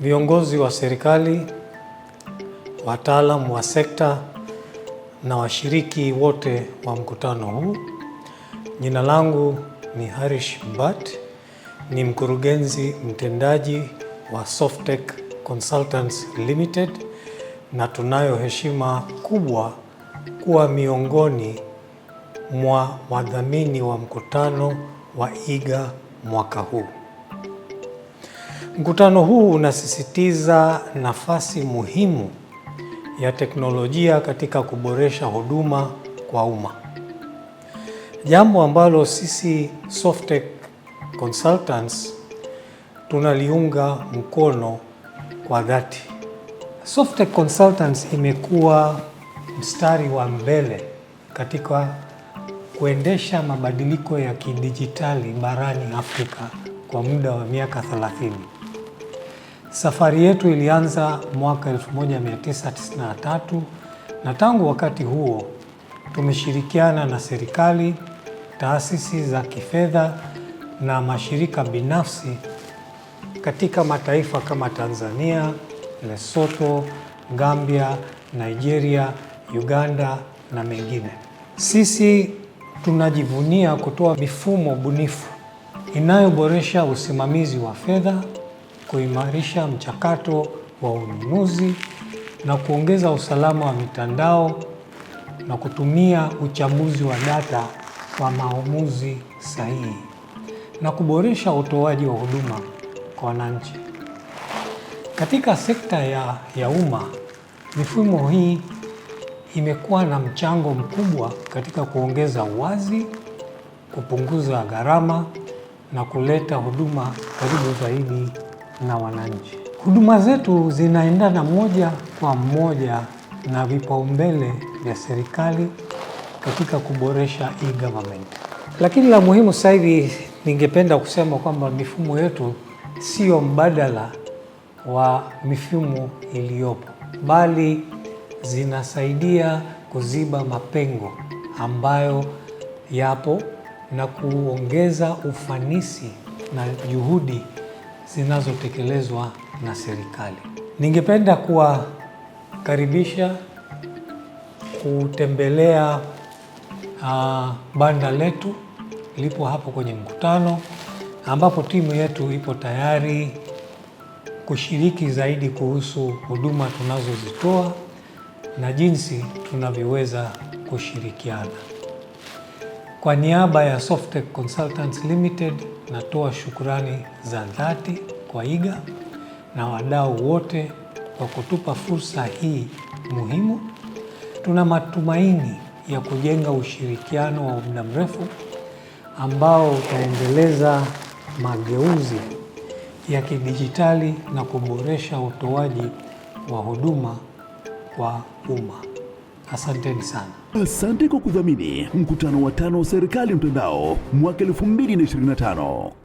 Viongozi wa serikali, wataalamu wa sekta na washiriki wote wa mkutano huu, jina langu ni Harish bat ni mkurugenzi mtendaji wa Softec Consultants Limited, na tunayo heshima kubwa kuwa miongoni mwa wadhamini wa mkutano wa IGA mwaka huu. Mkutano huu unasisitiza nafasi muhimu ya teknolojia katika kuboresha huduma kwa umma, jambo ambalo sisi Softtech Consultants tunaliunga mkono kwa dhati. Softtech Consultants imekuwa mstari wa mbele katika kuendesha mabadiliko ya kidijitali barani Afrika kwa muda wa miaka Safari yetu ilianza mwaka 1993 na tangu wakati huo tumeshirikiana na serikali, taasisi za kifedha na mashirika binafsi katika mataifa kama Tanzania, Lesotho, Gambia, Nigeria, Uganda na mengine. Sisi tunajivunia kutoa mifumo bunifu inayoboresha usimamizi wa fedha kuimarisha mchakato wa ununuzi na kuongeza usalama wa mitandao na kutumia uchambuzi wa data kwa maamuzi sahihi na kuboresha utoaji wa huduma kwa wananchi. Katika sekta ya, ya umma, mifumo hii imekuwa na mchango mkubwa katika kuongeza uwazi, kupunguza gharama na kuleta huduma karibu zaidi na wananchi. Huduma zetu zinaendana moja kwa moja na vipaumbele vya serikali katika kuboresha e-government. Lakini la muhimu sasa hivi ningependa kusema kwamba mifumo yetu sio mbadala wa mifumo iliyopo, bali zinasaidia kuziba mapengo ambayo yapo na kuongeza ufanisi na juhudi zinazotekelezwa na serikali. Ningependa kuwakaribisha kutembelea uh, banda letu lipo hapo kwenye mkutano, ambapo timu yetu ipo tayari kushiriki zaidi kuhusu huduma tunazozitoa na jinsi tunavyoweza kushirikiana. Kwa niaba ya Softech Consultants Limited natoa shukrani za dhati kwa IGA na wadau wote kwa kutupa fursa hii muhimu. Tuna matumaini ya kujenga ushirikiano wa muda mrefu ambao utaendeleza mageuzi ya kidijitali na kuboresha utoaji wa huduma kwa umma. Asanteni sana. Asante kwa kudhamini mkutano wa tano wa serikali mtandao mwaka 2025.